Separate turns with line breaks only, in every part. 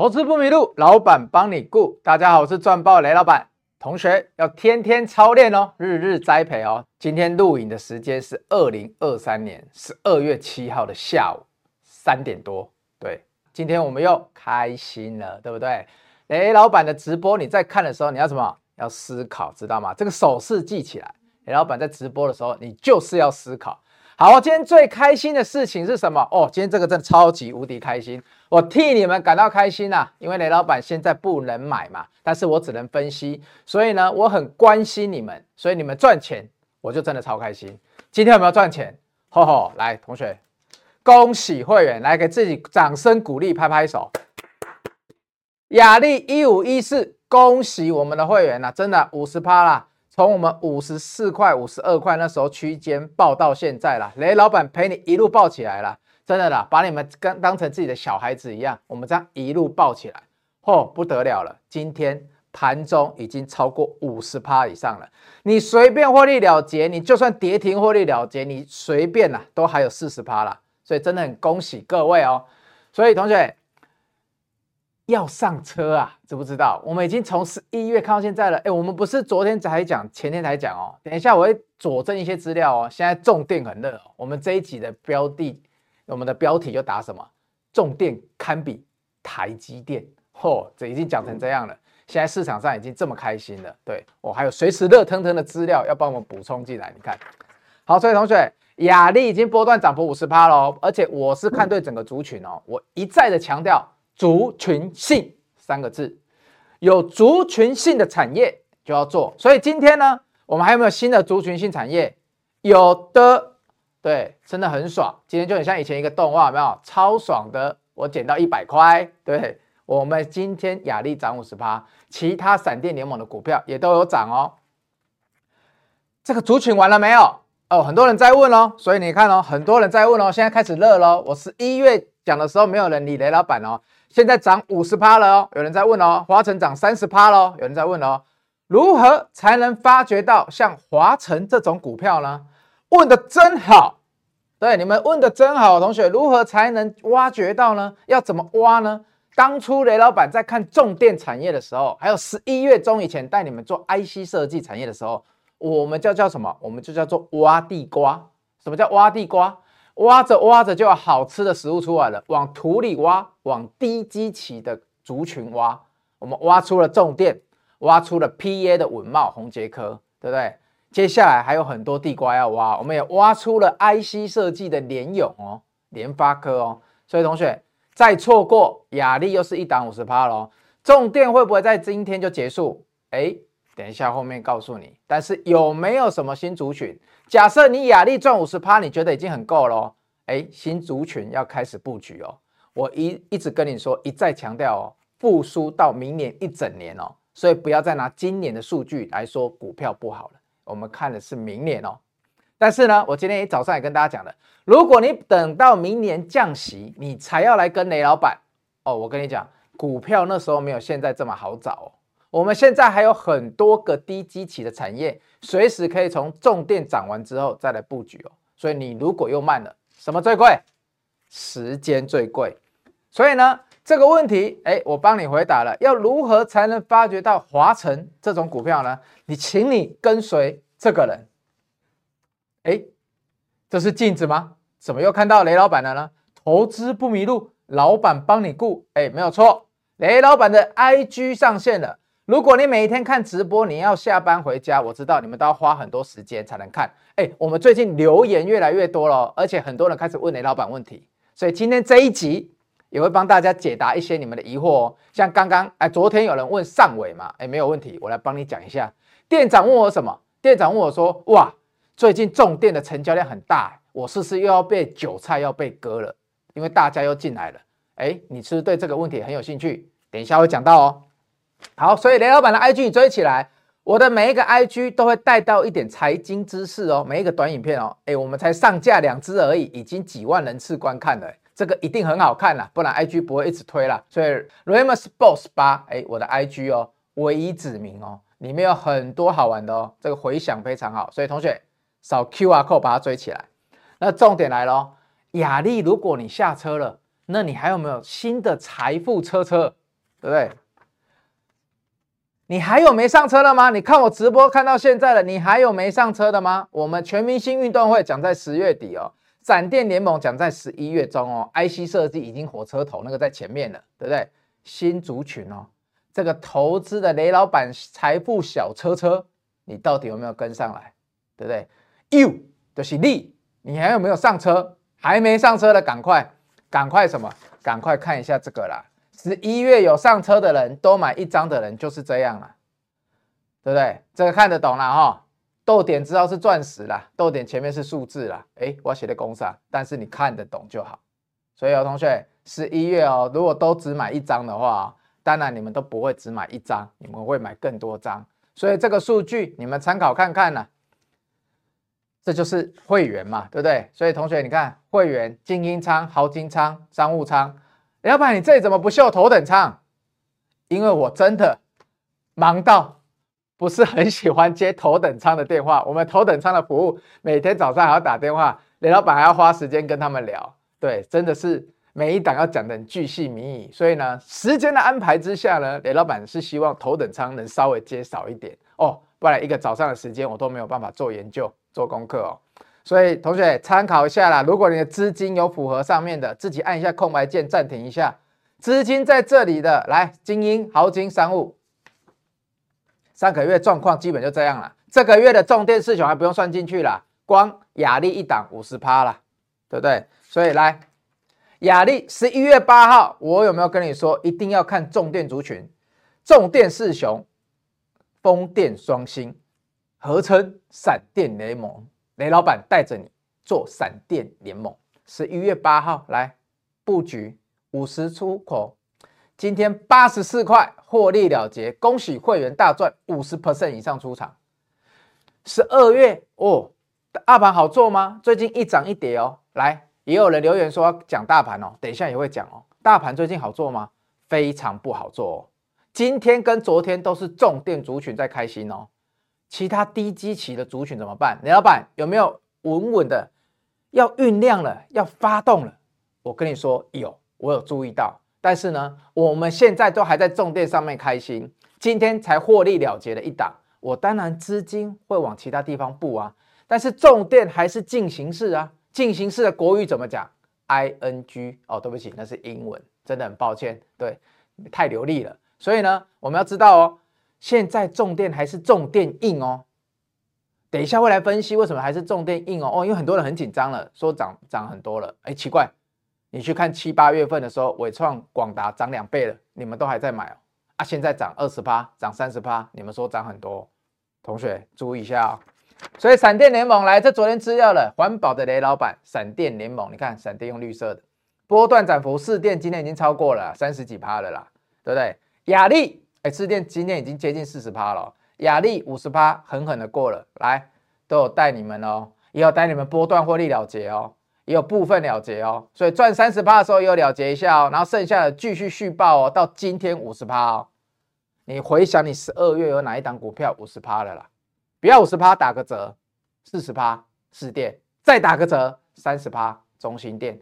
投資不迷路，老闆幫你顧。大家好，我是鑽豹雷老闆。同學要天天操練哦，日日栽培哦。今天錄影的時間是二零二三年十二月七號的下午三點多。對，今天我們又開心了，對不對？雷老闆的直播你在看的時候，你要什麼？要思考，知道嗎？這個手勢記起來。雷老闆在直播的時候，你就是要思考。好，今天最開心的事情是什麼？哦，今天這個真的超級無敵開心，我替你們感到開心吶、啊，因為雷老板現在不能買嘛，但是我只能分析，所以呢，我很關心你們，所以你們賺錢，我就真的超開心。今天有沒有賺錢？呵呵，來，同學，恭喜會員，來給自己掌聲鼓勵，拍拍手。亞力一五一四，恭喜我們的會員吶、啊，真的五十趴啦，從我們五十四塊、五十二塊那時候區間抱到現在了，雷老闆陪你一路抱起來了，真的啦，把你們跟當成自己的小孩子一樣，我們這樣一路抱起來，嚯、哦，不得了了！今天盤中已經超過五十趴以上了，你隨便獲利了結，你就算跌停獲利了結，你隨便吶，都還有四十趴了，所以真的很恭喜各位哦！所以同學，要上車啊，知不知道？我們已經從十一月看到現在了。哎、欸，我們不是昨天才講，前天才講哦。等一下，我會佐證一些資料哦。現在重電很熱，我們這一集的標的，我們的標題就打什麼？重電堪比台積電，嚯、哦，這已經講成這樣了。現在市場上已經這麼開心了，對，我、哦、還有隨時熱騰騰的資料要幫我們補充進來。你看，好，所以同學，亞力已經波段漲幅五十趴嘍，而且我是看對整個族群哦，我一再的強調。族群性三個字，有族群性的產業就要做。所以今天呢，我們還有沒有新的族群性產業？有的，對，真的很爽。今天就很像以前一個動畫，沒有超爽的？我撿到一百塊。對，我們今天亞力漲五十趴，其他閃電聯盟的股票也都有漲哦。這個族群完了沒有？哦，很多人在問哦，所以你看哦，很多人在問哦，現在開始熱了，我是一月講的時候沒有人理雷老板哦。現在漲五十趴了哦，有人在問哦。華城漲三十趴了哦，有人在問哦。如何才能發掘到像華城這種股票呢？問得真好，對你們問得真好，同學，如何才能挖掘到呢？要怎麼挖呢？當初雷老板在看重電產業的時候，還有十一月中以前帶你們做 IC 設計產業的時候，我們叫叫什麼？我們就叫做挖地瓜。什麼叫挖地瓜？挖着挖着就有好吃的食物出來了，往土裡挖，往低基期的族群挖，我們挖出了重電，挖出了 P A 的穩懋宏捷科，對不對？接下來還有很多地瓜要挖，我們也挖出了 I C 設計的聯詠哦，聯發科哦。所以同學，再錯過亞力又是一檔五十趴嘍，重電會不會在今天就結束？哎，等一下後面告訴你。但是有沒有什麼新族群？假設你亞力賺五十趴，你覺得已經很夠了哦。誒，新族群要開始布局哦。我一一直跟你說，一再強調哦，復甦到明年一整年哦，所以不要再拿今年的數據來說股票不好了。我們看的是明年哦。但是呢，我今天早上也跟大家講了，如果你等到明年降息，你才要來跟雷老闆哦，我跟你講，股票那時候沒有現在這麼好找哦。我們現在還有很多個低基期的產業，隨時可以從重電漲完之後再來布局哦。所以你如果又慢了，什麼最貴？時間最貴。所以呢，這個問題，哎，我幫你回答了。要如何才能發掘到華城這種股票呢？你請你跟隨這個人。哎，這是鏡子嗎？怎麼又看到雷老板了呢？投資不迷路，老板幫你顧。哎，沒有錯，雷老板的 IG 上線了。如果你每一天看直播，你要下班回家，我知道你們都要花很多時間才能看。哎，我們最近留言越來越多了，而且很多人開始問雷老板問題，所以今天這一集也會幫大家解答一些你們的疑惑哦。像剛剛哎，昨天有人問上緯嘛？哎，沒有問題，我來幫你講一下。店長問我什麼？店長問我說：哇，最近重電的成交量很大，我是不是又要被韭菜要被割了？因為大家又進來了。哎，你是不是對這個問題很有興趣，等一下會講到哦。好，所以雷老闆的 IG 追起來，我的每一個 IG 都會帶到一點財經知識哦，每一個短影片哦，哎，我們才上架兩支而已，已經幾萬人次觀看了，這個一定很好看啦，不然 IG 不會一直推了。所以 Ramos Boss 八，哎，我的 IG 哦，唯一指名哦，裡面有很多好玩的哦，這個回響非常好。所以同學掃 QR code 把它追起來。那重點來咯，雅麗，如果你下車了，那你還有沒有新的財富車車，對不對？你還有沒上車的嗎？你看我直播看到現在了，你還有沒上車的嗎？我們全明星運動會將在十月底哦，閃電聯盟將在十一月中哦，IC 設計已經火車頭那個在前面了，對不對？新族群哦，這個投資的雷老闆財富小車車，你到底有沒有跟上來，對不對？You 就是你，你還有沒有上車？還沒上車的趕快，趕快什麼？趕快看一下這個啦。十一月，有上車的人，都買一張的人就是這樣了，啊，對不對？這個看得懂了、啊、哈。豆點知道是鑽石了，豆點前面是數字了。哎，我寫的公式啊，但是你看得懂就好。所以有、哦、同學十一月哦，如果都只買一張的話，當然你們都不會只買一張，你們會買更多張。所以這個數據你們參考看看呢、啊。這就是會員嘛，對不對？所以同學你看，會員、精英倉、豪金倉、商務倉雷老闆，你這裡怎麼不秀頭等艙？因為我真的忙到不是很喜歡接頭等艙的電話。我們頭等艙的服務每天早上還要打電話，雷老闆還要花時間跟他們聊。對，真的是每一檔要講的很巨細靡遺，所以呢，時間的安排之下呢，雷老闆是希望頭等艙能稍微接少一點哦，不然一個早上的時間我都沒有辦法做研究、做功課哦。所以同學參考一下啦，如果你的資金有符合上面的，自己按一下空白鍵暫停一下。資金在這裡的，來精英豪金商務，上個月狀況基本就這樣了。這個月的重電四雄還不用算進去了，光亞力一檔五十趴了，對不對？所以來亞力十一月八號，我有沒有跟你說一定要看重電族群？重電四雄、風電雙星合稱閃電聯盟。雷老板帶着你做閃電聯盟，十一月八號來布局五十出口，今天八十四塊獲利了結，恭喜會員大賺五十 percent 以上出場。十二月哦，大盤好做嗎？最近一漲一跌哦。來，也有人留言說要講大盤哦，等一下也會講哦。大盤最近好做嗎？非常不好做哦。今天跟昨天都是重電族群在開心哦。其他低基期的族群怎麼辦？你老板有沒有穩穩的要醞釀了，要發動了？我跟你說有，我有注意到。但是呢，我們現在都還在重電上面開心，今天才獲利了結了一檔。我當然資金會往其他地方布啊，但是重電還是進行式啊。進行式的國語怎麼講？ING 哦，對不起，那是英文，真的很抱歉。對，太流利了。所以呢，我們要知道哦。現在重電還是重電硬哦，等一下會來分析為什麼還是重電硬哦哦，因為很多人很緊張了，說漲漲很多了，哎奇怪，你去看七八月份的時候，緯創、廣達漲兩倍了，你們都還在買、哦、啊？現在漲二十趴，漲三十趴，你們說漲很多？同學注意一下哦。所以閃電聯盟來，這昨天吃掉了環保的雷老板，閃電聯盟，你看閃電用綠色的波段漲幅四電，今天已經超過了三十幾趴了啦，對不對？雅力。哎，士電今天已經接近四十趴了哦，亞力五十趴，狠狠的過了。來，都有帶你們哦，也有帶你們波段獲利了結哦，也有部分了結哦。所以賺三十趴的時候也有了結一下哦，然後剩下的繼續續，續抱哦。到今天五十趴哦，你回想你十二月有哪一檔股票五十趴了啦？不要五十趴，打個折，四十趴，士電再打個折，三十趴，中興電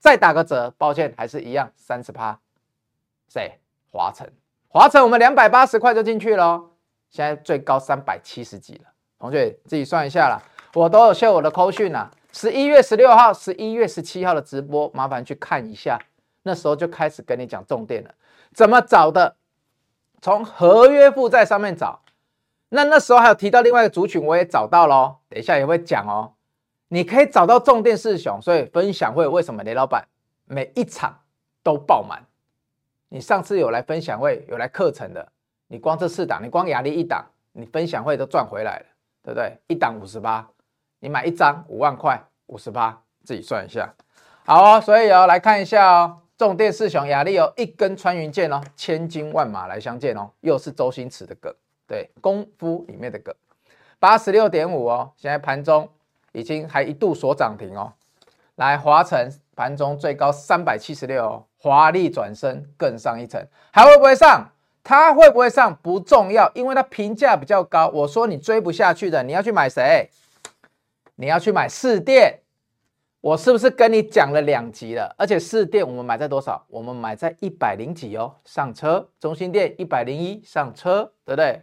再打個折，抱歉還是一樣三十趴。誰？華城。華城，我們兩百八十塊就進去了、哦，現在最高三百七十幾了。同學自己算一下啦，我都有秀我的口訊了、啊。十一月十六號、十一月十七號的直播，麻煩去看一下，那時候就開始跟你講重電了，怎麼找的，從合約負債上面找。那那時候還有提到另外一個族群，我也找到咯。等一下也會講哦。你可以找到重電四雄，所以分享會為什麼雷老板每一場都爆滿？你上次有來分享會，有來課程的，你光這四檔，你光亞力一檔，你分享會都賺回來了，對不對？一檔五十八，你買一張五萬塊，五十八，自己算一下。好哦，所以哦，來看一下哦，重電四雄亞力有一根穿雲箭哦，千軍萬馬來相見哦，又是周星馳的梗，對，功夫裡面的梗，八十六點五哦，現在盤中已經還一度鎖漲停哦，來華城盤中最高三百七十六哦。華麗轉身更上一層，還會不會上？它會不會上？不重要，因為它評價比較高。我說你追不下去的，你要去買誰？你要去買士電，我是不是跟你講了兩集了？而且士電我們買在多少？我們買在一百零幾哦，上車，中興電一百零一上車，對不對？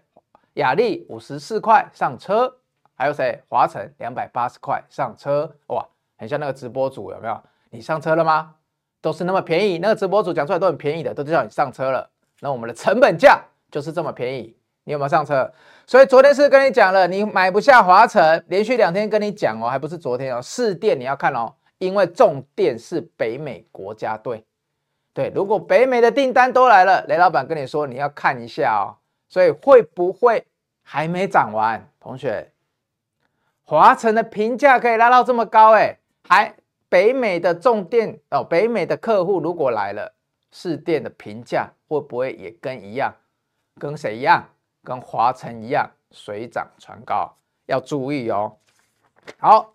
亞力五十四塊上車，還有誰？華城兩百八十塊上車，哇，很像那個直播主有沒有？你上車了嗎？都是那麼便宜，那個直播主講出來都很便宜的，都叫你上車了。那我們的成本價就是這麼便宜，你有沒有上車？所以昨天是跟你講了，你買不下華城，連續兩天跟你講哦，還不是昨天哦，士電你要看哦，因為重電是北美國家隊。對，如果北美的訂單都來了，雷老闆跟你說你要看一下哦。所以會不會還沒漲完，同學？華城的評價可以拉到這麼高哎、欸，還？北美的重電哦，北美的客戶如果來了，士電的評價會不會也跟一樣？跟誰一樣？跟華城一樣，水漲船高，要注意哦。好，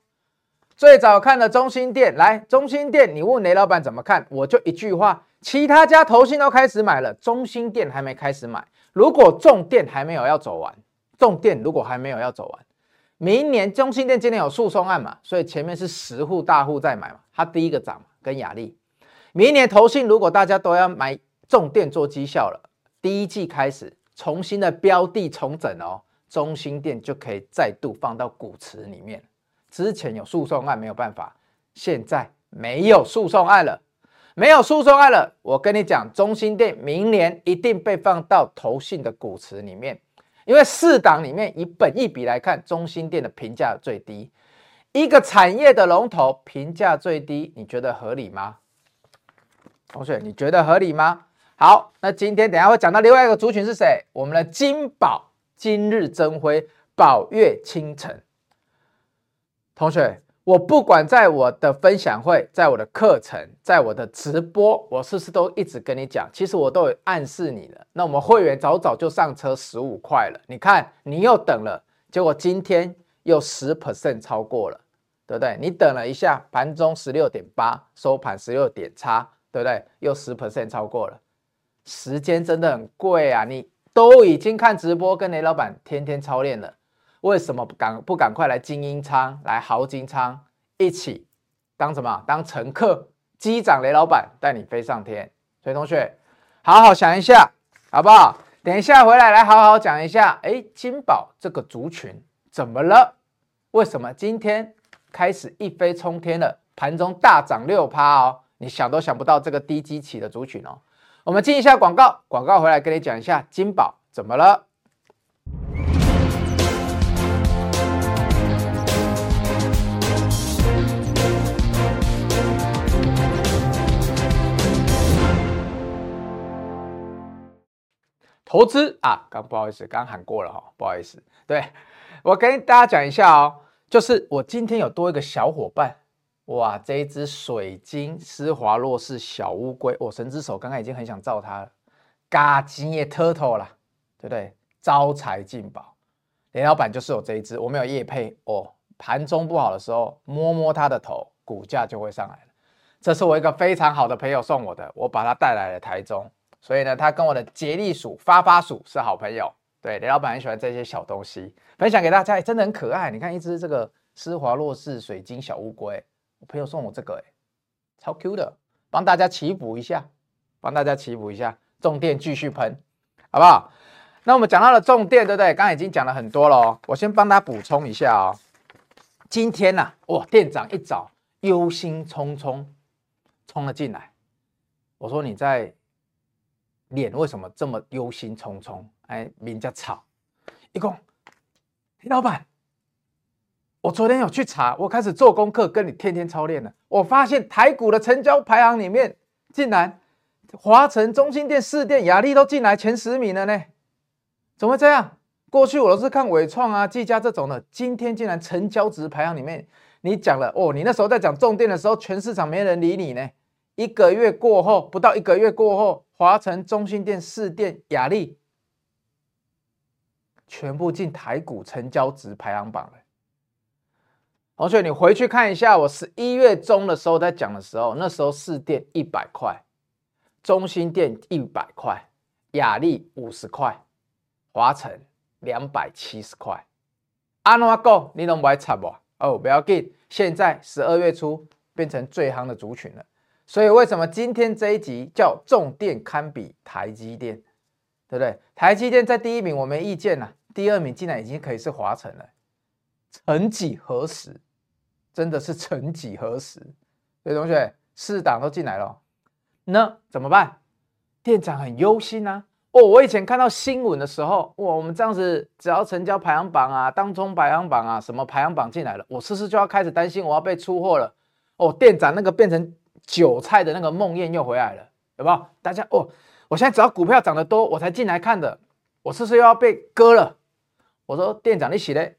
最早看的中興電來，中興電你問雷老闆怎麼看？我就一句話：其他家投信都開始買了，中興電還沒開始買。如果重電還沒有要走完，重電如果還沒有要走完。明年中興電今年有訴訟案嘛，所以前面是十戶大戶在買嘛，它第一個漲嘛，跟亞力。明年投信如果大家都要買重電做績效了，第一季開始重新的標的重整哦，中興電就可以再度放到股池裡面。之前有訴訟案沒有辦法，現在沒有訴訟案了，沒有訴訟案了，我跟你講，中興電明年一定被放到投信的股池裡面。因為四檔裡面以本益比來看，中興電的評價最低，一個產業的龍頭評價最低，你覺得合理嗎？同學，你覺得合理嗎？好，那今天等下會講到另外一個族群是誰？我們的金寶、今日、增輝、寶月、清晨。同學。我不管在我的分享會，在我的課程，在我的直播，我是不是都一直跟你講？其實我都有暗示你了。那我們會員早早就上車十五塊了，你看你又等了，結果今天又十 percent 超過了，對不對？你等了一下，盤中十六點八，收盤十六點八，對不對？又十 percent 超過了，時間真的很貴啊！你都已經看直播，跟雷老闆天天操練了。為什麼不趕不趕快來精英艙、來豪金艙一起當什麼？當乘客，機長雷老闆帶你飛上天。所以同學，好好想一下，好不好？等一下回來來好好講一下。哎，金寶這個族群怎麼了？為什麼今天開始一飛沖天了？盤中大漲六趴哦！你想都想不到這個低基期的族群哦。我們進一下廣告，廣告回來跟你講一下金寶怎麼了。投資啊，剛不好意思，剛喊過了哈，不好意思。對，我跟大家講一下哦，就是我今天有多一個小伙伴，哇，這一只水晶施華洛世小烏龜，我、哦、神之手，剛剛已經很想照它了，嘎金也 turtle 啦，對不對？招財進寶，連老闆就是有這一只，我沒有業配哦，盤中不好的時候摸摸它的頭，股價就會上來了。這是我一個非常好的朋友送我的，我把它帶來了台中。所以呢，他跟我的接力鼠、發發鼠是好朋友。對，雷老板很喜歡這些小東西，分享給大家，欸、真的很可愛。你看一隻這個施華洛世水晶小烏龜，我朋友送我這個、欸，哎，超 Q 的。幫大家祈福一下，幫大家祈福一下，重電繼續噴，好不好？那我們講到了重電，對不對？剛才已經講了很多了，我先幫他補充一下哦。今天呢、啊，哇，店長一早憂心忡忡衝了進來，我說你在。臉為什麼這麼憂心忡忡？哎，名叫草，一共，李老板，我昨天有去查，我開始做功課，跟你天天操練了。我發現台股的成交排行裡面，竟然華城、中興電、士電、亞力都進來前十名了呢。怎麼會這樣？過去我都是看緯創啊、技嘉這種的，今天竟然成交值排行裡面，你講了哦，你那時候在講重電的時候，全市場沒人理你呢。一個月過後，不到一個月過後，華城、中興電、士電、亞力，全部進台股成交值排行榜了。同學，你回去看一下，我十一月中的時候在講的時候，那時候士電一百塊，中興電一百塊，亞力五十塊，華城兩百七十塊。阿諾哥，你弄歪慘不嗎？哦，不要緊，現在十二月初變成最夯的族群了。所以為什麼今天這一集叫重電堪比台積電，對不對？台積電在第一名，我沒意見吶、啊。第二名竟然已經可以是華城了，曾幾何時，真的是曾幾何時。所以同學，四檔都進來了，那怎麼辦？店長很憂心啊。哦，我以前看到新聞的時候，哇，我們這樣子只要成交排行榜啊、當中排行榜啊、什麼排行榜進來了，我是不是就要開始擔心我要被出貨了。哦，店長那個變成。韭菜的那個夢魘又回來了，有沒有？大家哦，我現在只要股票漲得多，我才進來看的。我是不是又要被割了？我說店長，你起來。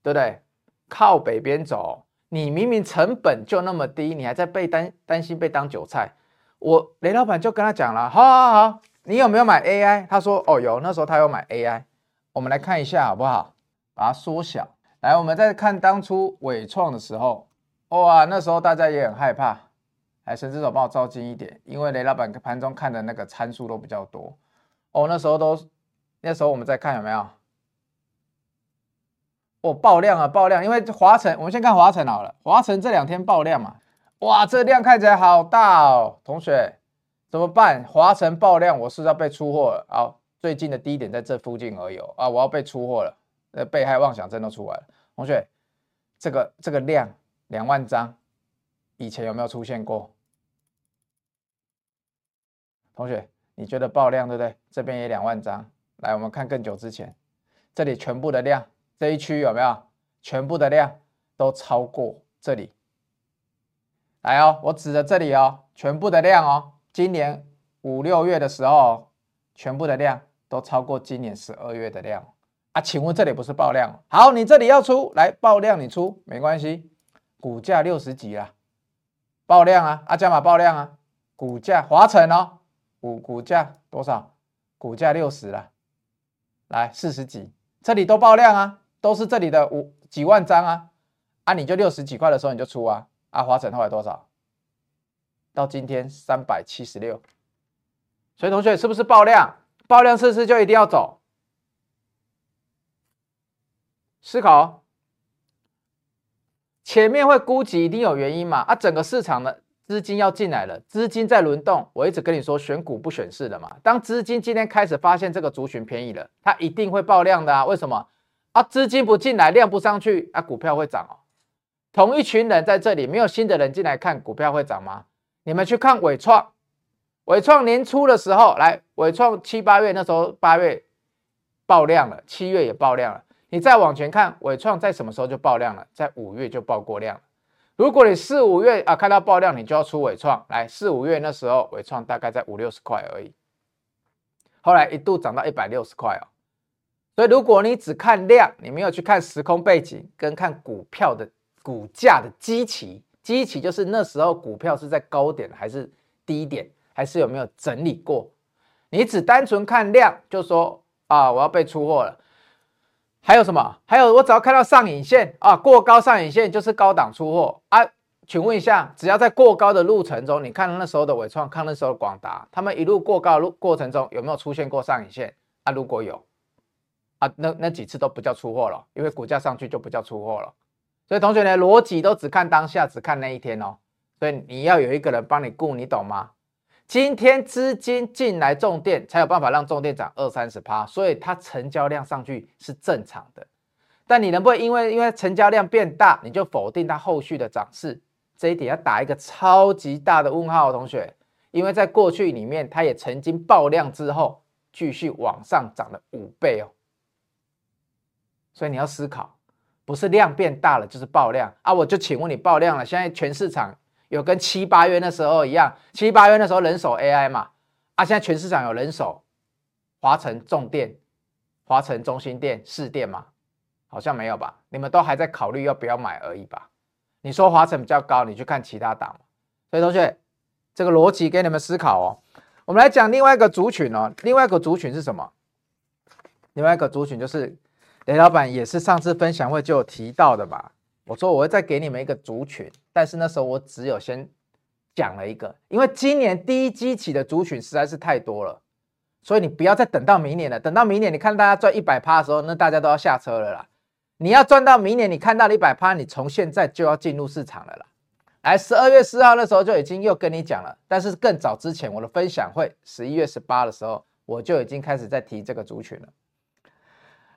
對不對？靠北邊走，你明明成本就那麼低，你還在被擔擔心被當韭菜。我雷老闆就跟他講了，好好好，你有沒有買 AI？他說哦有，那時候他有買 AI。我們來看一下好不好？把它縮小。來，我們再看當初偉創的時候，哇，那時候大家也很害怕。哎，神之手幫我照近一點，因為雷老板盤中看的那個參數都比較多哦。那時候都，那時候我們再看有沒有？哦，爆量啊，爆量！因為華城，我們先看華城好了。華城這兩天爆量嘛？哇，這量看起來好大哦！同學，怎麼辦？華城爆量，我是不是要被出貨了。好，最近的低點在這附近而已、哦、啊，我要被出貨了。呃，被害妄想症都出來了。同學，這個這個量兩萬張，以前有沒有出現過？同學，你覺得爆量對不對？這邊也兩萬張。來，我們看更久之前，這裡全部的量，這一區有沒有全部的量都超過這裡？來哦，我指着這裡哦，全部的量哦，今年五六月的時候、哦，全部的量都超過今年十二月的量啊？請問這裡不是爆量？好，你這裡要出來爆量，你出沒關係，股價六十幾啦，爆量啊，阿、啊、加碼爆量啊，股價華城哦。五股價多少？股價六十了，來四十幾，這裡都爆量啊，都是這裡的五幾萬張啊，啊你就六十幾塊的時候你就出啊，啊華城後來多少？到今天三百七十六，所以同學是不是爆量？爆量次次就一定要走，思考，前面會估計一定有原因嘛？啊整個市場的。資金要進來了，資金在輪動。我一直跟你說選股不選市的嘛。當資金今天開始發現這個族群便宜了，它一定會爆量的啊！為什麼？啊，資金不進來，量不上去，啊，股票會漲哦、喔。同一群人在這裡，沒有新的人進來看，看股票會漲嗎？你們去看偉創，偉創年初的時候來，偉創七八月那時候八月爆量了，七月也爆量了。你再往前看，偉創在什麼時候就爆量了？在五月就爆過量了。如果你四五月啊看到爆量，你就要出緯創來。四五月那時候緯創大概在五六十塊而已，後來一度漲到一百六十塊哦。所以如果你只看量，你沒有去看時空背景跟看股票的股價的基期，基期就是那時候股票是在高點還是低點，還是有沒有整理過？你只單純看量，就說啊我要被出貨了。還有什麼？還有，我只要看到上影線啊，過高上影線就是高檔出貨啊。請問一下，只要在過高的路程中，你看那時候的緯創，看那時候的廣達，他們一路過高的路過程中有沒有出現過上影線啊？如果有啊，那那幾次都不叫出貨了，因為股價上去就不叫出貨了。所以同學呢，邏輯都只看當下，只看那一天哦。所以你要有一個人幫你顧，你懂嗎？今天資金進來重電，才有辦法讓重電漲二三十趴，所以它成交量上去是正常的。但你能不能因為因為成交量變大，你就否定它後續的漲勢？這一點要打一個超級大的問號，同學，因為在過去裡面，它也曾經爆量之後繼續往上漲了五倍哦、喔。所以你要思考，不是量變大了就是爆量啊？我就請問你爆量了，現在全市場。有跟七八月那時候一樣，七八月那時候人手 AI 嘛，啊，現在全市場有人手，華城重電、華城中心電、市電嘛，好像沒有吧？你們都還在考慮要不要買而已吧？你說華城比較高，你去看其他檔。所以同學，這個邏輯給你們思考哦。我們來講另外一個族群哦，另外一個族群是什麼？另外一個族群就是雷老板也是上次分享會就有提到的吧。我說我會再給你們一個族群，但是那時候我只有先講了一個，因為今年第一基期的族群實在是太多了，所以你不要再等到明年了。等到明年你看大家賺一百趴的時候，那大家都要下車了啦。你要賺到明年你看到一百趴，你從現在就要進入市場了啦。來，十二月四號那時候就已經又跟你講了，但是更早之前我的分享會十一月十八的時候，我就已經開始在提這個族群了。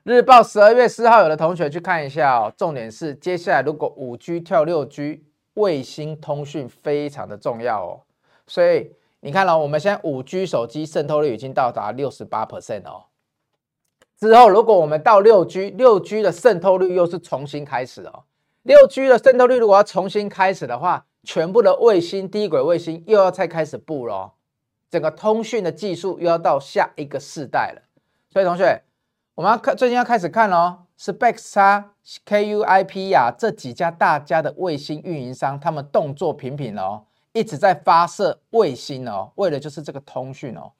日報十二月四號，有的同學去看一下哦。重點是，接下來如果五 G 跳六 G，衛星通訊非常的重要哦。所以你看了哦，我們現在五 G 手機滲透率已經到達六十八 percent 哦。之後，如果我們到六 G，六 G 的滲透率又是重新開始哦。六 G 的滲透率如果要重新開始的話，全部的衛星低軌衛星又要再開始布了，整個通訊的技術又要到下一個世代了。所以，同學。我們要看最近要開始看哦，是 SpaceX、Kuiper 呀、啊，這幾家大家的衛星運營商，他們動作頻頻哦，一直在發射衛星哦，為的就是這個通訊哦。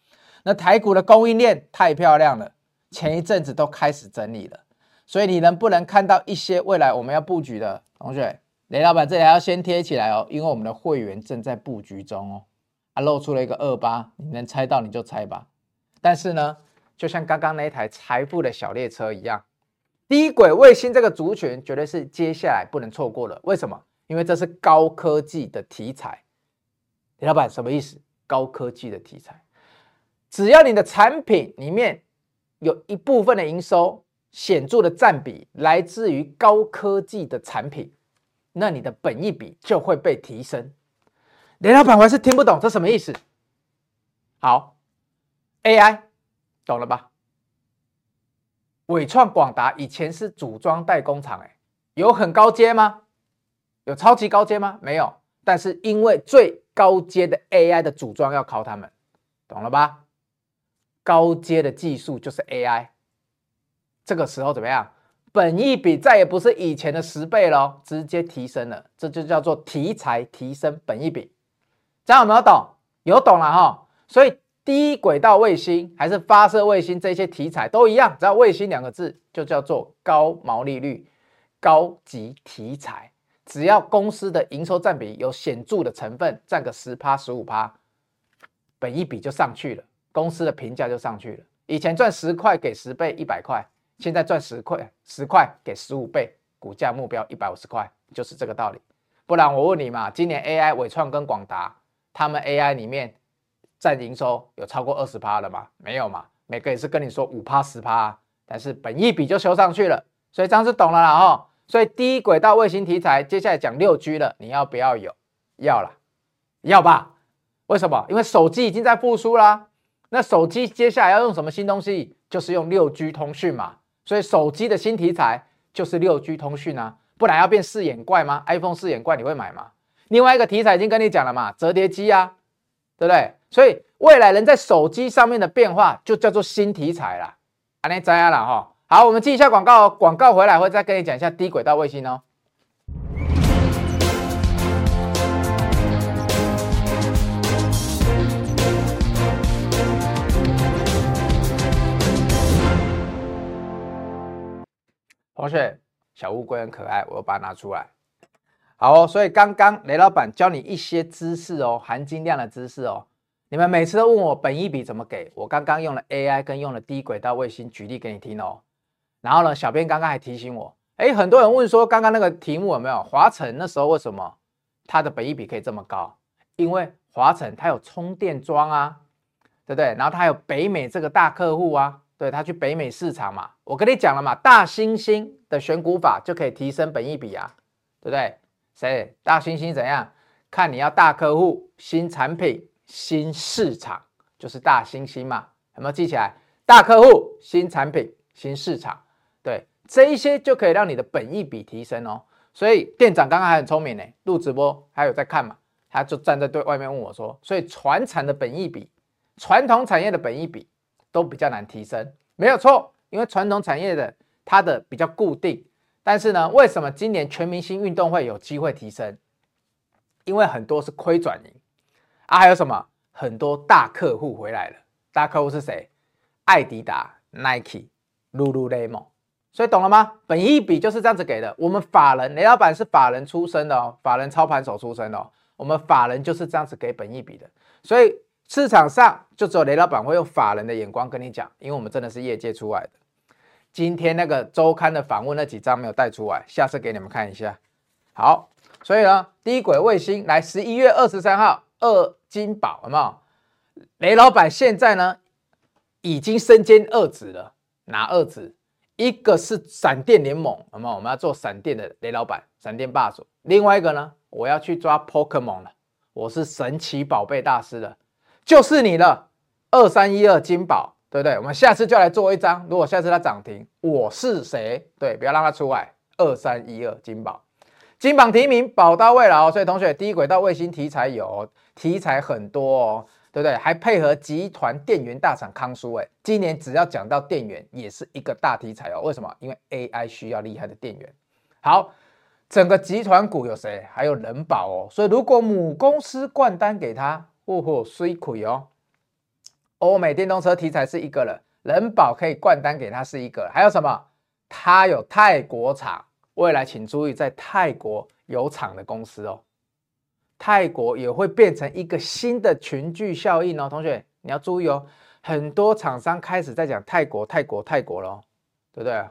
那台股的供應鏈太漂亮了，前一陣子都開始整理了，所以你能不能看到一些未來我們要布局的同學？雷老闆這裡還要先貼起來哦，因為我們的會員正在布局中哦，還、啊、露出了一個二八，你能猜到你就猜吧，但是呢，就像剛剛那一台財富的小列車一樣，低軌衛星這個族群絕對是接下來不能錯過的。為什麼？因為這是高科技的題材。李老板什麼意思？高科技的題材，只要你的產品裡面有一部分的營收顯著的佔比來自於高科技的產品，那你的本益比就會被提升。李老板我還是聽不懂這什麼意思？好，AI。懂了吧？緯創廣達以前是組裝代工廠，哎，有很高階嗎？有超級高階嗎？沒有。但是因為最高階的 AI 的組裝要靠他們，懂了吧？高階的技術就是 AI。這個時候怎麼樣？本益比再也不是以前的十倍了，直接提升了，這就叫做題材提升本益比。這樣有沒有懂？有懂了哈。所以。低軌道衛星還是發射衛星，這些題材都一樣，只要“衛星”兩個字，就叫做高毛利率、高級題材。只要公司的營收占比有顯著的成分，占個十趴、十五趴，本益比就上去了，公司的評價就上去了。以前賺十塊給十倍，一百塊；現在賺十塊，十塊給十五倍，股價目標一百五十塊，就是這個道理。不然我問你嘛，今年 AI 緯創跟廣達，他們 AI 裡面。佔營收有超過二十趴的嗎？沒有嘛，每個也是跟你說五趴十趴，但是本益比就修上去了，所以這樣子懂了啦吼。所以低軌道衛星題材，接下來講六 G 了，你要不要有？要啦，要吧？為什麼？因為手機已經在復甦啦。那手機接下來要用什麼新東西？就是用六 G 通訊嘛。所以手機的新題材就是六 G 通訊啊，不然要變四眼怪嗎？iPhone 四眼怪你會買嗎？另外一個題材已經跟你講了嘛，摺疊機啊，對不對？所以未來人在手機上面的變化，就叫做新題材了，這樣了哈。好，我們進一下廣告，廣告回來會再跟你講一下低軌道衛星哦。同學，小烏龜很可愛，我把它拿出來。好哦，所以剛剛雷老板教你一些知識哦，含金量的知識哦。你們每次都問我本益比怎麼給？我剛剛用了 AI 跟用了低軌道衛星舉例給你聽哦，然後呢，小編剛剛還提醒我誒，很多人問說剛剛那個題目有沒有華城那時候為什麼它的本益比可以這麼高？因為華城它有充電樁啊，對不對？然後它有北美這個大客戶啊，對，它去北美市場嘛。我跟你講了嘛，大猩猩的選股法就可以提升本益比啊，對不對？誰？大猩猩怎樣看你要大客戶、新產品。新市場就是大猩猩嘛，有沒有記起來？大客戶、新產品、新市場，對，這一些就可以讓你的本益比提升哦。所以店長剛剛還很聰明呢，錄直播還有在看嘛，他就站在對外面問我說：“所以傳產的本益比，傳統產業的本益比都比較難提升，沒有錯，因為傳統產業的它的比較固定。但是呢，為什麼今年全明星運動會有機會提升？因為很多是虧轉盈。”啊，還有什麼？很多大客戶回來了。大客戶是誰？艾迪達、 Nike、Lululemon。所以懂了嗎？本益比就是這樣子給的。我們法人雷老闆是法人出身的哦，法人操盤手出身的哦。我們法人就是這樣子給本益比的。所以市場上就只有雷老闆會用法人的眼光跟你講，因為我們真的是業界出來的。今天那個週刊的訪問那幾張沒有帶出來，下次給你們看一下。好，所以呢，低軌衛星來十一月二十三號。二金寶有沒有？雷老板現在呢，已經身兼二職了，拿二職，一個是閃電聯盟，那麼我們要做閃電的雷老板，閃電霸主；另外一個呢，我要去抓 Pokemon 了，我是神奇寶貝大師的，就是你了，二三一二金寶，對不對？我們下次就要來做一張，如果下次它漲停，我是誰？對，不要讓它出來，二三一二金寶，金榜題名，寶刀未老，所以同學，低軌道衛星題材有。題材很多哦，對不對？還配合集團電源大廠康舒，哎，今年只要講到電源也是一個大題材哦。為什麼？因為 AI 需要厲害的電源。好，整個集團股有誰？還有人保哦。所以如果母公司灌單給他，哦吼、哦，水虧哦。歐美電動車題材是一個了，人保可以灌單給他是一個了。還有什麼？他有泰國廠，未來請注意在泰國有廠的公司哦。泰國也會變成一個新的群聚效應哦，同學你要注意哦，很多廠商開始在講泰國，泰國，泰國了，對不對？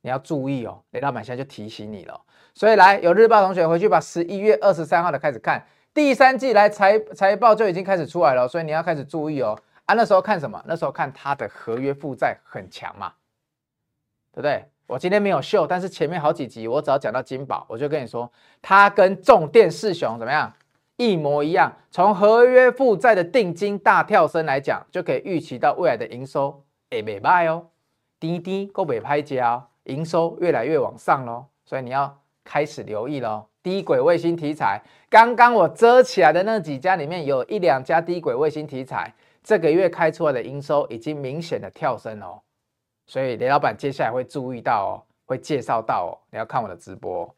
你要注意哦，雷老板現在就提醒你了。所以來，有日報同學回去把十一月二十三號的開始看，第三季來財財報就已經開始出來了，所以你要開始注意哦。啊，那時候看什麼？那時候看它的合約負債很強嘛，對不對？我今天沒有秀，但是前面好幾集我只要講到金寶，我就跟你說，它跟重電四雄怎麼樣？一模一樣，從合約負債的定金大跳升來講，就可以預期到未來的營收會變快哦。滴滴過北派街哦，營收越來越往上嘍，所以你要開始留意嘍。低軌衛星題材，剛剛我遮起來的那幾家裡面有一兩家低軌衛星題材，這個月開出來的營收已經明顯的跳升哦，所以雷老闆接下來會注意到哦，會介紹到哦，你要看我的直播哦。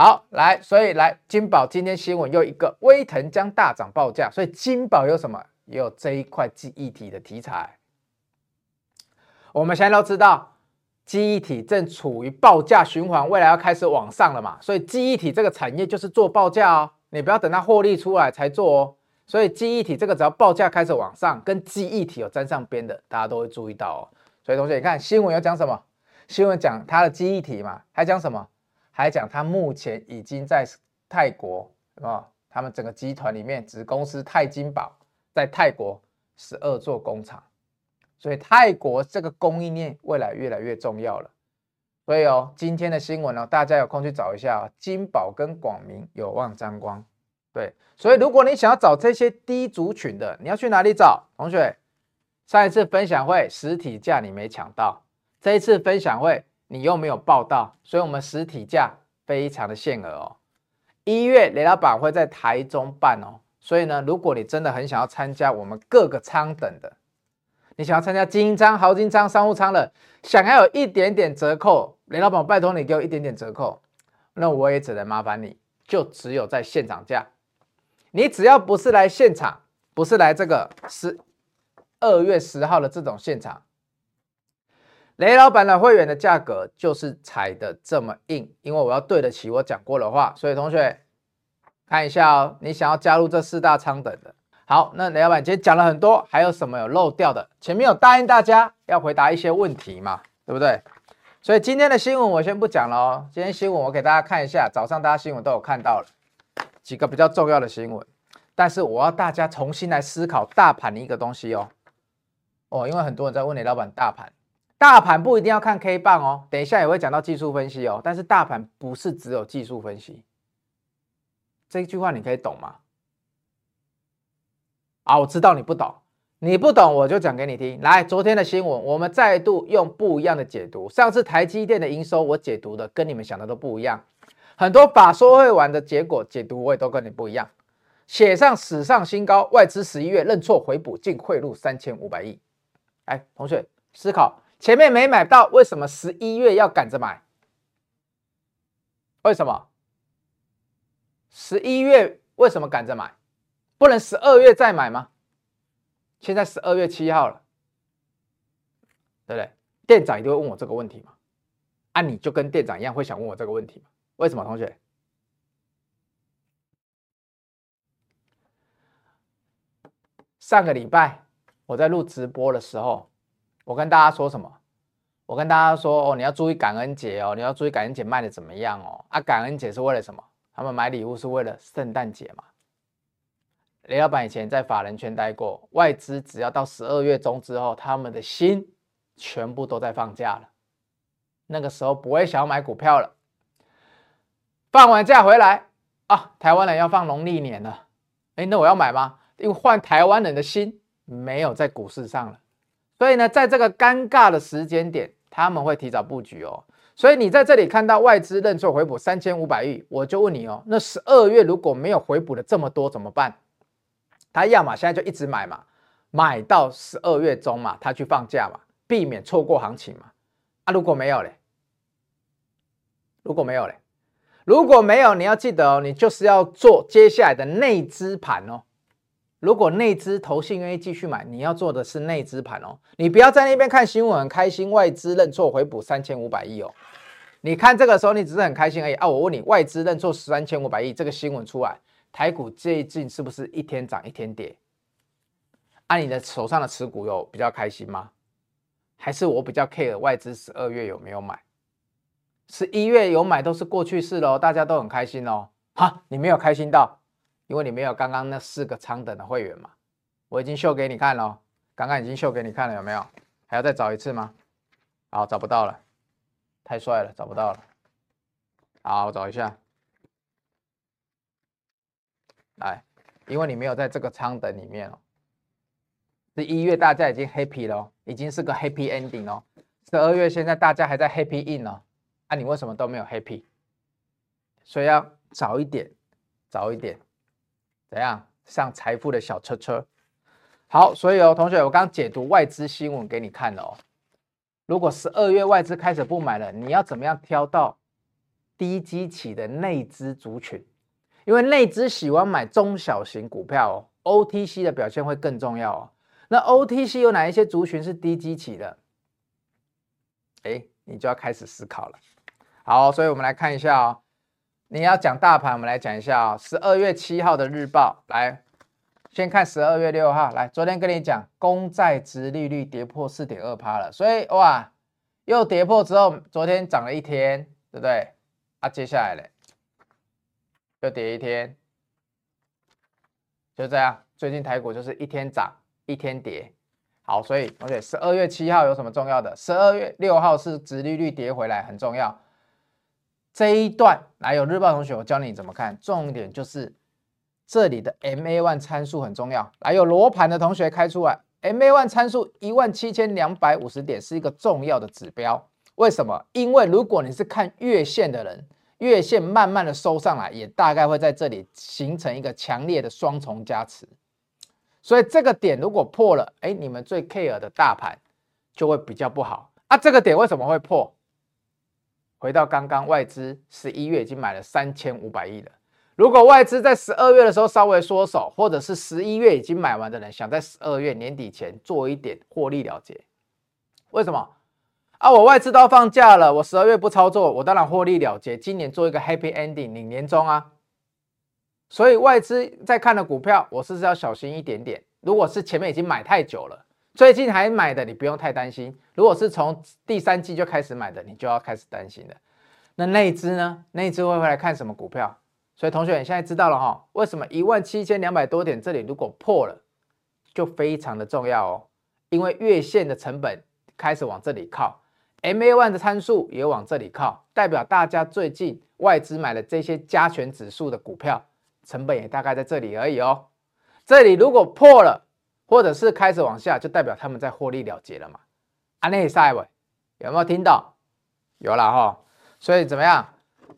好，來，所以來金寶，今天新聞又一個威騰將大漲報價，所以金寶有什麼？也有這一塊記憶體的題材。我們現在都知道，記憶體正處於報價循環，未來要開始往上了嘛。所以記憶體這個產業就是做報價哦，你不要等它獲利出來才做哦。所以記憶體這個只要報價開始往上，跟記憶體有沾上邊的，大家都會注意到哦。所以同學，你看新聞要講什麼？新聞講它的記憶體嘛，還講什麼？還講他目前已經在泰國，啊，他們整個集團裡面子公司泰金寶在泰國十二座工廠，所以泰國這個供應鏈未來越來越重要了。所以哦，今天的新聞呢、哦，大家有空去找一下、哦，金寶跟廣明有望沾光。對，所以如果你想要找這些低族群的，你要去哪裡找？同學，上一次分享會實體價你沒搶到，這一次分享會，你又沒有報到，所以我們實體價非常的限額哦。一月雷老闆會在台中辦哦，所以呢，如果你真的很想要參加我們各個艙等的，你想要參加金艙、豪金艙、商務艙的，想要有一點點折扣，雷老闆，我拜託你給我一點點折扣，那我也只能麻煩你，就只有在現場價，你只要不是來現場，不是來這個十二月十號的這種現場。雷老闆的會員的價格就是踩的這麼硬，因為我要對得起我講過的話。所以同學看一下哦，你想要加入這四大倉等的。好，那雷老闆今天講了很多，還有什麼有漏掉的？前面有答應大家要回答一些問題嘛，對不對？所以今天的新聞我先不講了哦。今天新聞我給大家看一下，早上大家新聞都有看到了，幾個比較重要的新聞，但是我要大家重新來思考大盤的一個東西哦。哦，因為很多人在問雷老闆大盤。大盤不一定要看 K 棒哦，等一下也會講到技術分析哦。但是大盤不是只有技術分析，這一句話你可以懂嗎？啊，我知道你不懂，你不懂我就講給你聽。來，昨天的新聞，我們再度用不一樣的解讀。上次台積電的營收，我解讀的跟你們想的都不一樣。很多法說會完的結果解讀，我也都跟你不一樣。寫上史上新高，外資十一月認錯回補，淨匯入三千五百億。來，哎，同學思考。前面沒買到，為什麼十一月要趕着買？為什麼？十一月為什麼趕着買？不能十二月再買嗎？現在十二月七號了，對不對？店長一定會問我這個問題嘛？啊，你就跟店長一樣會想問我這個問題嘛？為什麼，同學？上個禮拜我在錄直播的時候。我跟大家說什麼？我跟大家說哦，你要注意感恩節哦，你要注意感恩節賣得怎麼樣哦。啊，感恩節是為了什麼？他們買禮物是為了聖誕節嘛。雷老板以前在法人圈待過，外資只要到十二月中之後，他們的心全部都在放假了。那個時候不會想要買股票了。放完假回來啊，台灣人要放農曆年了。哎，那我要買嗎？因為換台灣人的心沒有在股市上了。所以呢，在這個尷尬的時間點，他們會提早布局哦。所以你在這裡看到外資認錯回補三千五百億，我就問你哦，那十二月如果沒有回補了這麼多怎麼辦？他要嘛現在就一直買嘛，買到十二月中嘛，他去放假嘛，避免錯過行情嘛。啊，如果沒有咧，如果沒有咧，如果沒有，你要記得哦，你就是要做接下來的內資盤哦。如果內資投信願意繼續買，你要做的是內資盤哦。你不要在那邊看新聞很開心，外資認錯回補三千五百億哦。你看這個時候你只是很開心而已啊。我問你，外資認錯三千五百億這個新聞出來，台股最近是不是一天漲一天跌？按、啊、你的手上的持股有比較開心嗎？還是我比較 care 外資十二月有沒有買？十一月有買都是過去式嘍、哦，大家都很開心嘍、哦。哈、啊，你沒有開心到。因為你沒有剛剛那四個艙等的會員嘛，我已經秀給你看了，剛剛已經秀給你看了，有沒有？還要再找一次嗎？好，找不到了，太帥了，找不到了。好，我找一下。來，因為你沒有在這個艙等裡面哦。十一月大家已經 happy 了，已經是個 happy ending 了。十二月現在大家還在 happy in 呢，啊，你為什麼都沒有 happy？所以要早一點，早一點。怎樣上財富的小車車？好，所以哦，同學，我剛解讀外資新聞給你看了哦。如果十二月外資開始不買了，你要怎麼樣挑到低基期的內資族群？因為內資喜歡買中小型股票哦，OTC 的表現會更重要哦。那 OTC 有哪一些族群是低基期的？誒、欸、你就要開始思考了。好，所以我們來看一下哦。你要講大盤，我們來講一下啊。十二月七號的日報，來，先看十二月六號。來，昨天跟你講，公債殖利率跌破四點二趴了，所以哇，又跌破之後，昨天漲了一天，對不對？啊，接下來嘞，又跌一天，就這樣。最近台股就是一天漲一天跌。好，所以而且十二月七號有什麼重要的？十二月六號是殖利率跌回來，很重要。這一段還有日報同學，我教你怎麼看，重點就是這裡的 MA one 參數很重要。還有羅盤的同學開出來，MA one 參數一萬七千兩百五十點是一個重要的指標。為什麼？因為如果你是看月線的人，月線慢慢的收上來，也大概會在這裡形成一個強烈的雙重加持。所以這個點如果破了，哎，你們最 care 的大盤就會比較不好。啊，這個點為什麼會破？回到剛剛，外資十一月已經買了三千五百億了。如果外資在十二月的時候稍微縮手，或者是十一月已經買完的人，想在十二月年底前做一點獲利了結，為什麼？啊，我外資都要放假了，我十二月不操作，我當然獲利了結，今年做一個 happy ending，領年終啊。所以外資在看的股票，我是不是要小心一點點？如果是前面已經買太久了。最近還買的，你不用太擔心。如果是從第三季就開始買的，你就要開始擔心了。那那一支呢？那一支會回來看什麼股票？所以同學，你現在知道了哈，為什麼一萬七千兩百多點這裡如果破了，就非常的重要哦。因為月線的成本開始往這裡靠，MA one 的參數也往這裡靠，代表大家最近外資買了這些加權指數的股票，成本也大概在這裡而已哦。這裡如果破了。或者是開始往下，就代表他們在獲利了結了嘛？啊、那內塞偉，有沒有聽到？有啦齁。所以怎麼樣？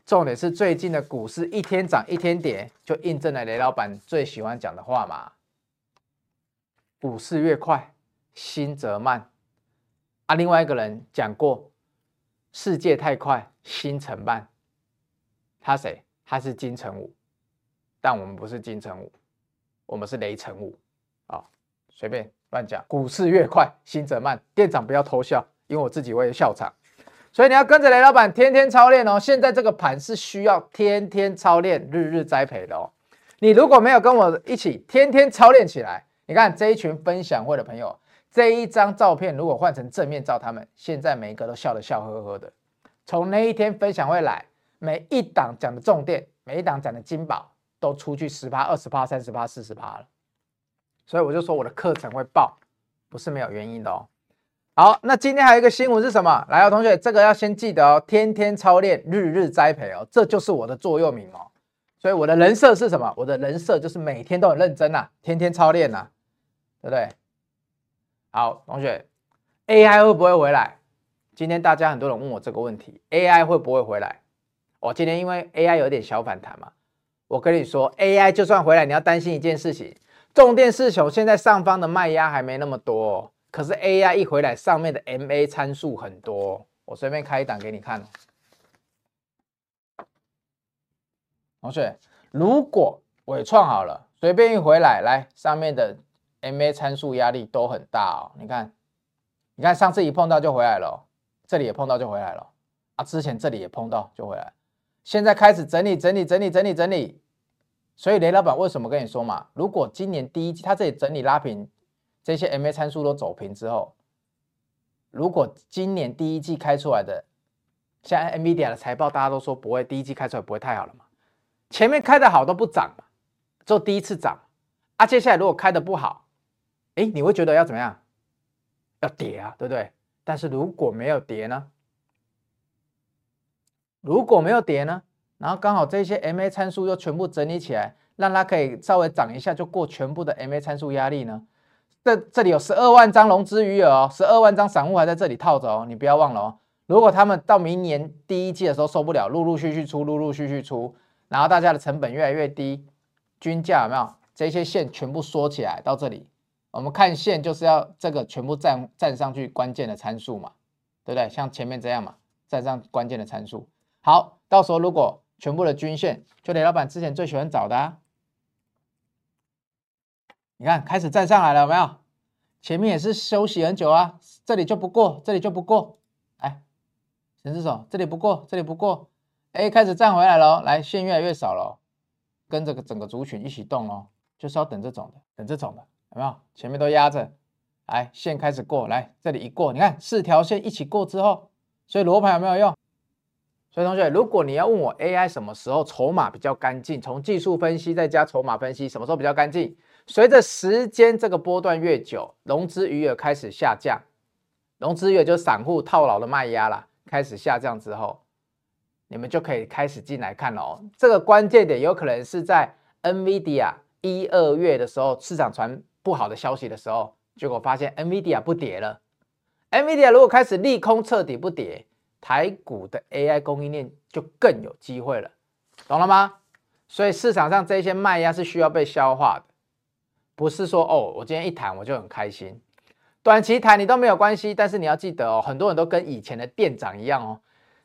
重點是最近的股市一天漲一天跌，就印證了雷老板最喜歡講的話嘛：股市越快，心則慢。啊，另外一個人講過，世界太快，心則慢。他誰？他是金城武。但我們不是金城武，我們是雷城武啊。哦隨便亂講，股市越快，心者慢。店長不要偷笑，因為我自己會笑場，所以你要跟着雷老闆天天操練哦。現在這個盤是需要天天操練、日日栽培的哦。你如果沒有跟我一起天天操練起來，你看這一群分享會的朋友，這一張照片如果換成正面照，他們現在每一個都笑得笑呵呵的。從那一天分享會來，每一檔講的重點，每一檔講的金寶，都出去十趴、二十趴、三十趴、四十趴了。所以我就說我的課程會爆，不是沒有原因的哦。好，那今天還有一個新聞是什麼？來、哦，同學，這個要先記得哦，天天操練，日日栽培哦，這就是我的座右銘哦。所以我的人設是什麼？我的人設就是每天都很認真吶、啊，天天操練吶、啊，對不對？好，同學，AI 會不會回來？今天大家很多人問我這個問題，AI 會不會回來？我、哦、今天因為 AI 有點小反彈嘛、啊，我跟你說，AI 就算回來，你要擔心一件事情。重點是，熊現在上方的賣壓還沒那麼多、哦，可是 AI 一回來，上面的 MA 參數很多。我隨便開一檔給你看。同學，如果我也創好了，隨便一回來，來上面的 MA 參數壓力都很大哦。你看，你看，上次一碰到就回來了、哦，這裡也碰到就回來了啊。之前這裡也碰到就回來，現在開始整理，整理，整理，整理，整理。所以雷老闆為什麼跟你說嘛？如果今年第一季他這裡整理拉平，這些 MA 參數都走平之後，如果今年第一季開出來的，像 NVIDIA 的財報，大家都說不會，第一季開出來不會太好了嘛？前面開的好都不漲嘛，就第一次漲，啊，接下來如果開的不好，哎，你會覺得要怎麼樣？要跌啊，對不對？但是如果沒有跌呢？如果沒有跌呢？然後剛好這些 M A 參數又全部整理起來，讓它可以稍微漲一下就過全部的 M A 參數壓力呢？這這裡有十二萬張融資餘額哦，十二萬張散戶還在這裡套着哦，你不要忘了哦。如果他們到明年第一季的時候受不了，陸陸續續，續出，陸陸續，續續出，然後大家的成本越來越低，均價有沒有？這些線全部縮起來到這裡，我們看線就是要這個全部站站上去關鍵的參數嘛，對不對？像前面這樣嘛，站上關鍵的參數。好，到時候如果全部的均線，就雷老闆之前最喜歡找的啊。你看，開始站上來了，有沒有？前面也是休息很久啊，這裡就不過，這裡就不過。哎，人之手，這裡不過，這裡不過。哎，開始站回來了，來，線越來越少了，跟着整個族群一起動哦，就是要等這種的，等這種的，有沒有？前面都壓着，來，線開始過，來，這裡一過，你看四條線一起過之後，所以羅盤有沒有用？所以，同學，如果你要問我 AI 什麼時候籌碼比較乾淨，從技術分析再加籌碼分析，什麼時候比較乾淨？隨着時間這個波段越久，融資餘額開始下降，融資餘額就散戶套牢的賣壓了，開始下降之後，你們就可以開始進來看了哦。這個關鍵點有可能是在 NVIDIA 一二月的時候，市場傳不好的消息的時候，結果發現 NVIDIA 不跌了。NVIDIA 如果開始利空，徹底不跌。台股的 AI 供應鏈就更有機會了，懂了嗎？所以市場上這些賣壓是需要被消化的，不是說哦，我今天一談我就很開心，短期談你都沒有關係，但是你要記得哦，很多人都跟以前的店長一樣哦，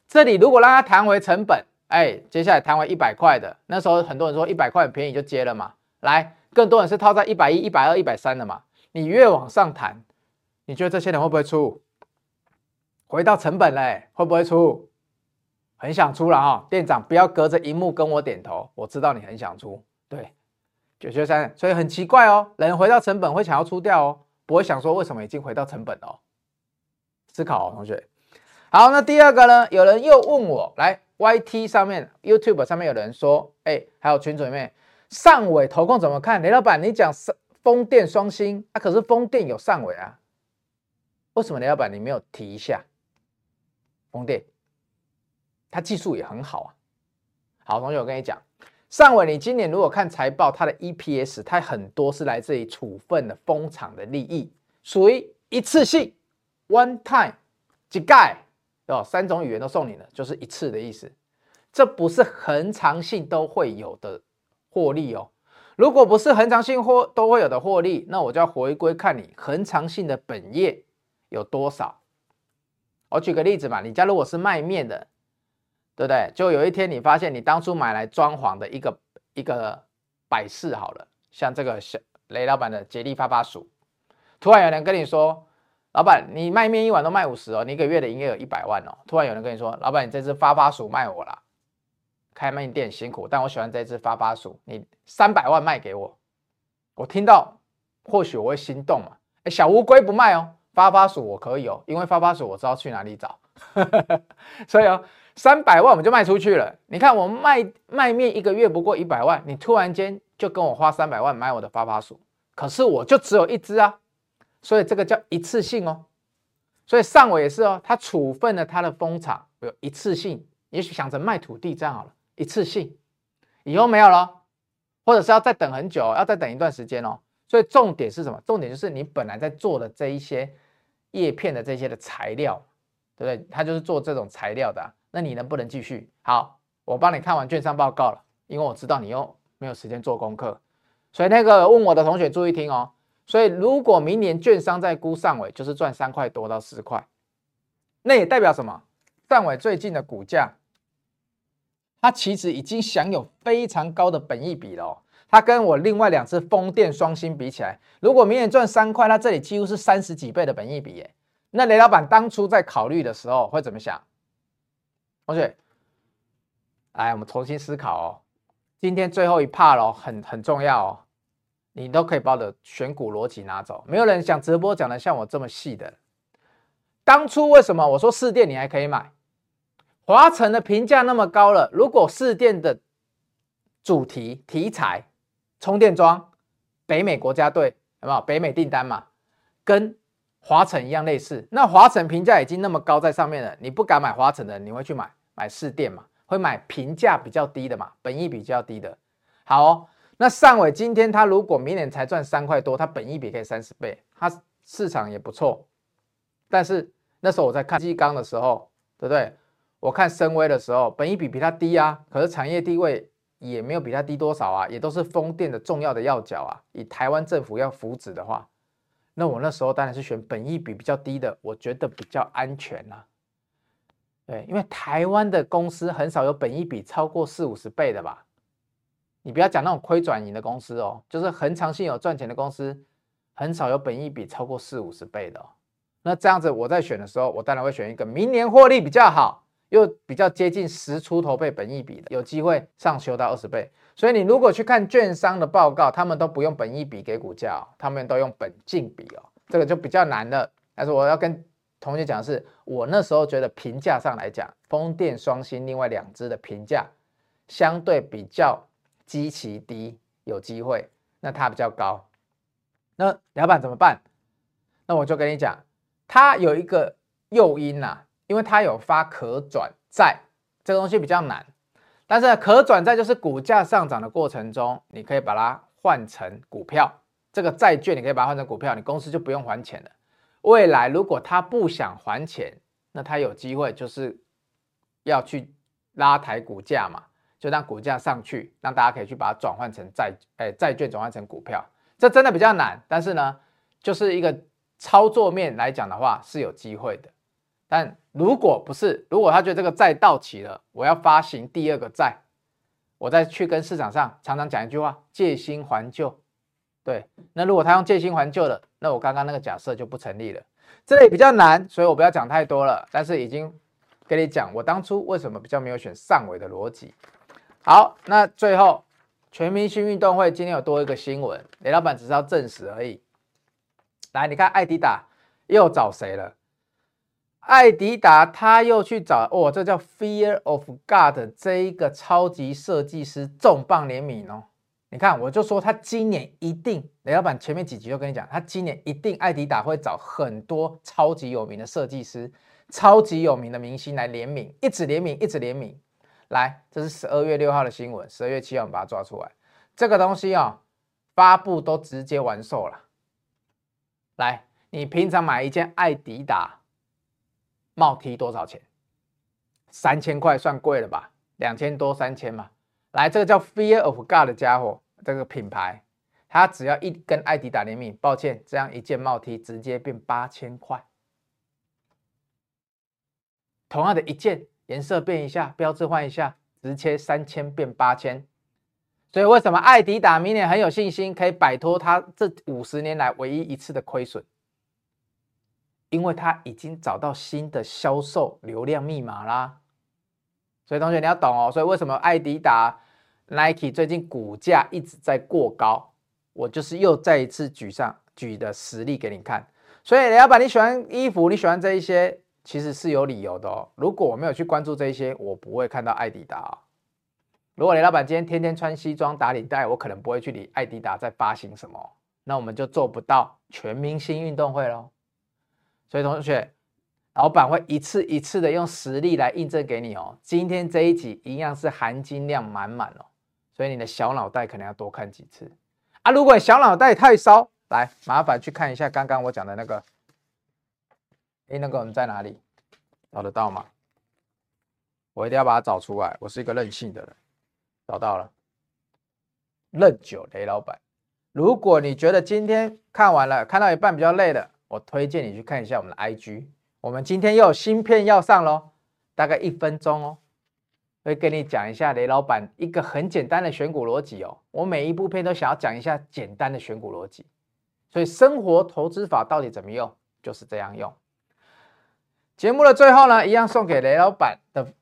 這裡如果讓他談回成本，哎、欸，接下來談回一百塊的，那時候很多人說一百塊很便宜就接了嘛，來，更多人是套在一百一、一百二、一百三的嘛，你越往上談，你覺得這些人會不會出？回到成本嘞、欸，會不會出？很想出了哈，店長不要隔着熒幕跟我點頭，我知道你很想出。對，993，所以很奇怪哦、喔，人回到成本會想要出掉哦、喔，不會想說為什麼已經回到成本哦、喔。思考哦、喔，同學。好，那第二個呢？有人又問我，來 YT 上面、YouTube 上面有人說，哎、欸，還有群組裡面，上緯投控怎麼看？雷老板，你講是風電雙星，啊，可是風電有上緯啊，為什麼雷老板你沒有提一下？風電，它技術也很好啊。好，同學，我跟你講，上緯，你今年如果看財報，它的 EPS，它很多是來自於處分的風場的利益，屬於一次性 （one time）。幾蓋哦，三種語言都送你了，就是一次的意思。這不是恆常性都會有的獲利哦。如果不是恆常性或都會有的獲利，那我就要回歸看你恆常性的本業有多少。我舉個例子嘛，你家如果是賣麵的，對不對？就有一天你發現你當初買來裝潢的一個一個擺飾好了，像這個小雷老闆的傑利發發鼠，突然有人跟你說，老闆，你賣麵一碗都賣五十哦，你一個月的營業額有一百萬哦，突然有人跟你說，老闆，你這隻發發鼠賣我了，開麵店辛苦，但我喜歡這隻發發鼠，你三百萬賣給我，我聽到或許我會心動嘛。欸、小烏龜不賣哦。發發鼠我可以有、喔。因為發發鼠我知道去哪裡找，呵呵呵，所以哦、喔，三百萬我們就賣出去了。你看我賣賣麵一個月不過一百萬，你突然間就跟我花三百萬買我的發發鼠，可是我就只有一隻啊，所以這個叫一次性哦、喔。所以上緯也是哦、喔，他處分了他的風場，有一次性，也許想着賣土地這樣好了，一次性，以後沒有了，或者是要再等很久，要再等一段時間哦、喔。所以重點是什麼？重點就是你本來在做的這一些。葉片的這些的材料，對不對？它就是做這種材料的啊。那你能不能繼續？好，我幫你看完券商報告了，因為我知道你又沒有時間做功課，所以那個問我的同學注意聽哦。所以如果明年券商再估上緯，就是賺三塊多到四塊，那也代表什麼？上緯最近的股價，它其實已經享有非常高的本益比了哦。它跟我另外兩只風電雙星比起來，如果明年賺三塊，那這裡幾乎是三十幾倍的本益比耶。那雷老板當初在考慮的時候會怎麼想？同學，來我們重新思考哦。今天最後一趴了很很,很重要哦。你都可以把我的選股邏輯拿走，沒有人講直播講的像我這麼細的。當初為什麼我說士電你還可以買？華城的評價那麼高了，如果士電的主題題材。充電樁，北美國家隊有沒有北美訂單嘛？跟華城一樣類似。那華城評價已經那麼高在上面了，你不敢買華城的，你會去買買士電嘛？會買評價比較低的嘛？本益比較低的。好哦，那上緯今天他如果明年才賺三塊多，他本益比可以三十倍，他市場也不錯。但是那時候我在看繼鋼的時候，對不對？我看深威的時候，本益比比它低啊，可是產業地位，也沒有比它低多少啊，也都是風電的重要的要角啊。以台灣政府要扶植的話，那我那時候當然是選本益比比較低的，我覺得比較安全吶啊。對，因為台灣的公司很少有本益比超過四五十倍的吧。你不要講那種虧轉盈的公司哦，就是恆常性有賺錢的公司，很少有本益比超過四五十倍的哦。那這樣子我在選的時候，我當然會選一個明年獲利比較好。就比較接近十出頭倍本益比的，有機會上修到二十倍。所以你如果去看券商的報告，他們都不用本益比給股價哦，他們都用本凈比哦，這個就比較難了。但是我要跟同學講的是，我那時候覺得評價上來講，風電雙新另外兩隻的評價相對比較極其低，有機會，那它比較高。那老板怎麼辦？那我就跟你講，它有一個誘因吶啊。因為它有發可轉債，這個東西比較難。但是呢，可轉債就是股價上漲的過程中，你可以把它換成股票。這個債券你可以把它換成股票，你公司就不用還錢了。未來如果它不想還錢，那它有機會就是要去拉抬股價嘛，就讓股價上去，讓大家可以去把它轉換成債，誒、哎，債券轉換成股票。這真的比較難，但是呢，就是一個操作面來講的話是有機會的，但。如果不是，如果他覺得這個債到期了，我要發行第二個債，我再去跟市場上常常講一句話：借新還舊。對，那如果他用借新還舊了，那我剛剛那個假設就不成立了。這裡比較難，所以我不要講太多了。但是已經跟你講，我當初為什麼比較沒有選上尾的邏輯。好，那最後全明星運動會今天有多一個新聞，雷老闆只是要證實而已。來，你看愛迪達又找誰了？艾迪達，他又去找哦，這叫 Fear of God 這一個超級設計師重磅聯名哦。你看，我就說他今年一定，雷老闆前面幾集就跟你講，他今年一定艾迪達會找很多超級有名的設計師、超級有名的明星來聯名，一直聯名，一直聯名。聯名來，這是十二月六號的新聞，十二月七號我們把它抓出來。這個東西啊、哦，發布都直接完售了。來，你平常買一件艾迪達。帽 T 多少錢？三千塊算貴了吧？兩千多三千嘛。來，這個叫 Fear of God 的傢伙，這個品牌，他只要一跟愛迪達聯名，抱歉，這樣一件帽 T 直接變八千塊。同樣的一件，顏色變一下，標誌換一下，直接三千變八千。所以為什麼愛迪達明年很有信心可以擺脫他這五十年來唯一一次的虧損？因為他已經找到新的銷售流量密碼啦，所以同學你要懂哦。所以為什麼艾迪達、Nike 最近股價一直在過高？我就是又再一次舉上舉的實例給你看。所以雷老板你喜歡衣服，你喜歡這一些，其實是有理由的哦。如果我沒有去關注這一些，我不會看到艾迪達哦。如果雷老板今天天天穿西裝打領帶，我可能不會去理艾迪達在發行什麼。那我們就做不到全明星運動會嘍。所以，同學，老闆會一次一次的用實力來印證給你哦。今天這一集一樣是含金量滿滿哦，所以你的小腦袋可能要多看幾次啊。如果你小腦袋也太燒，來，麻煩去看一下剛剛我講的那個，哎、欸，那個我們在哪裡？找得到嗎？我一定要把它找出來。我是一個任性的人。找到了，任九雷老闆。如果你覺得今天看完了，看到一半比較累了。我推薦你去看一下我們的 IG。我們今天又有新片要上嘍，大概一分鐘哦，會跟你講一下雷老闆一個很簡單的選股邏輯哦。我每一部片都想要講一下簡單的選股邏輯，所以生活投資法到底怎麼用，就是這樣用。節目的最後呢，一樣送給雷老闆的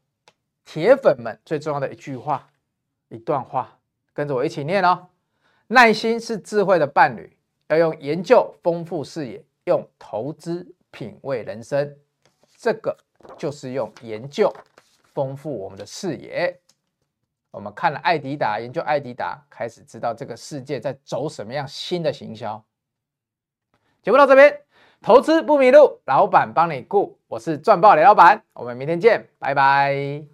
鐵粉們最重要的一句話、一段話，跟着我一起念哦：耐心是智慧的伴侶，要用研究豐富視野。用投資品味人生，這個就是用研究豐富我們的視野。我們看了艾迪達，研究艾迪達，開始知道這個世界在走什麼樣新的行銷。節目到這邊，投資不迷路，老闆幫你顧，我是鑽豹雷老闆，我們明天見，拜拜。